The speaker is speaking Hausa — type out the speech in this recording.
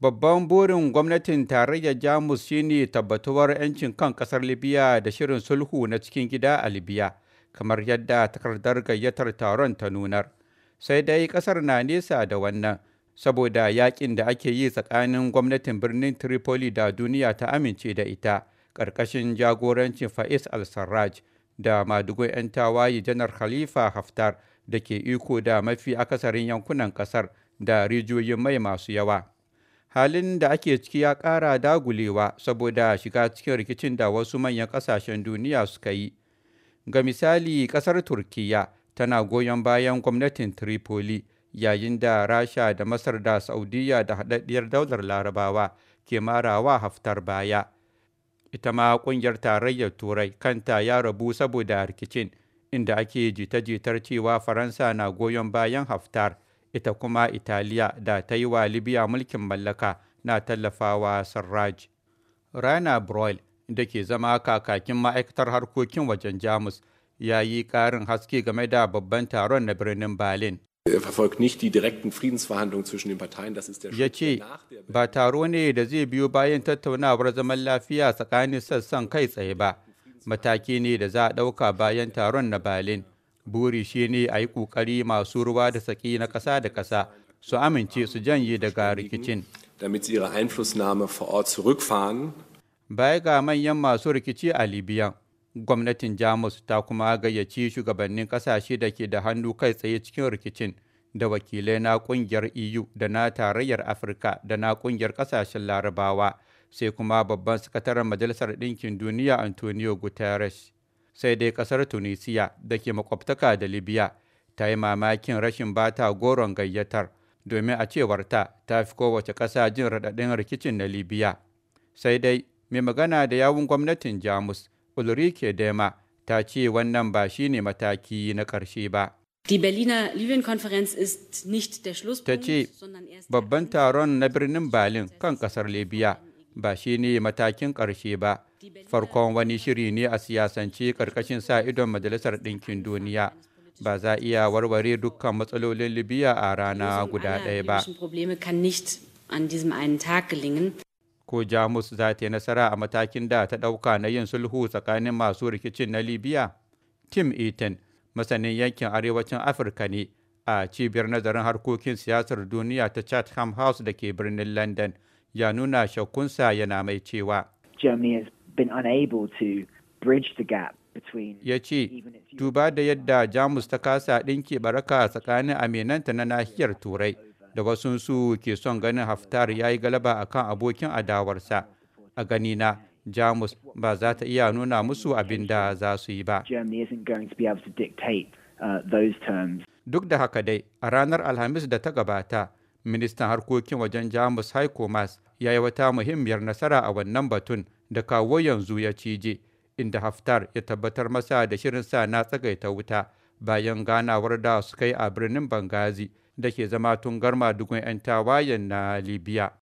Babban burin gwamnatin tarayyar Jamus shine tabbatuwar 'yancin kan ƙasar Libya da shirin sulhu na cikin gida a Libya, kamar yadda takardar gayyatar taron ta nunar. Sai dai ƙasar na nesa da wannan, saboda yaƙin da ake yi tsakanin gwamnatin birnin Tripoli da duniya ta amince da ita, ƙarƙashin jagorancin Fa'is al-Sarraj da madugun 'yan tawaye Janar Khalifa Haftar da ke iko da mafi akasarin yankunan ƙasar da rijiyoyin mai masu yawa. halin da ake ciki ya ƙara dagulewa saboda shiga cikin rikicin da wasu manyan ƙasashen duniya suka yi ga misali ƙasar turkiyya tana goyon bayan gwamnatin tripoli yayin da rasha da masar da saudiyya da haɗaɗɗiyar daular larabawa ke marawa haftar baya ita ma ƙungiyar tarayyar turai kanta ya rabu saboda rikicin inda ake jita-jitar cewa faransa na goyon bayan haftar ita kuma italiya da ta yi wa libya mulkin mallaka na tallafawa sarraj rana broil da ke zama kakakin ma'aikatar harkokin wajen jamus ya yi ƙarin haske game da babban taron na birnin berlin er ya ce ba taro ne da zai biyo bayan tattaunawar zaman lafiya tsakanin sassan kai tsaye ba mataki ne da za a ɗauka bayan taron na berlin buri ne a yi ƙoƙari masu ruwa da saki na ƙasa da ƙasa su amince su janye daga rikicin. Baya ga manyan masu rikici a Libya, gwamnatin Jamus ta kuma gayyaci shugabannin ƙasashe da ke da hannu kai tsaye cikin rikicin da wakilai na ƙungiyar EU da na tarayyar Afirka da na ƙungiyar ƙasashen Larabawa, sai kuma babban sakataren Majalisar Ɗinkin Duniya Antonio Guterres. sai dai kasar tunisiya da ke makwabtaka da libya ta yi mamakin rashin bata goron gayyatar domin a cewarta ta fi kowace ƙasa jin raɗaɗin rikicin na libya sai dai mai magana da yawun gwamnatin jamus ulrike dema ta ce wannan ba shi ne mataki na ƙarshe ba Die Berliner Libyen-Konferenz ist nicht der Schlusspunkt, sondern Babban taron na birnin Berlin kan kasar Libya ba shi ne matakin ƙarshe ba farkon wani shiri ne a siyasance ƙarƙashin sa idon majalisar ɗinkin duniya ba za iya warware dukkan matsalolin libya a rana guda ɗaya ba ko jamus za ta yi nasara a matakin da ta ɗauka na yin sulhu tsakanin masu rikicin na libya tim eaton masanin yankin arewacin afirka ne a cibiyar nazarin harkokin siyasar duniya ta chatham house da ke birnin london ya nuna shakkunsa yana mai cewa ya ce duba da yadda jamus ta kasa ɗinke baraka tsakanin aminanta na nahiyar turai da wasu su ke son ganin haftar ya yi galaba a kan abokin adawarsa a gani na jamus ba za ta iya nuna musu abin da za su yi ba uh, duk da haka dai a ranar alhamis da ta gabata ministan harkokin wajen jamus haiko mas ya yi wata muhimmiyar nasara a wannan batun da kawo yanzu ya cije inda haftar ya tabbatar masa da shirin sa na tsagaita wuta bayan ganawar da suka yi a birnin bangazi da ke zama tun garma dugun 'yan tawayen na libya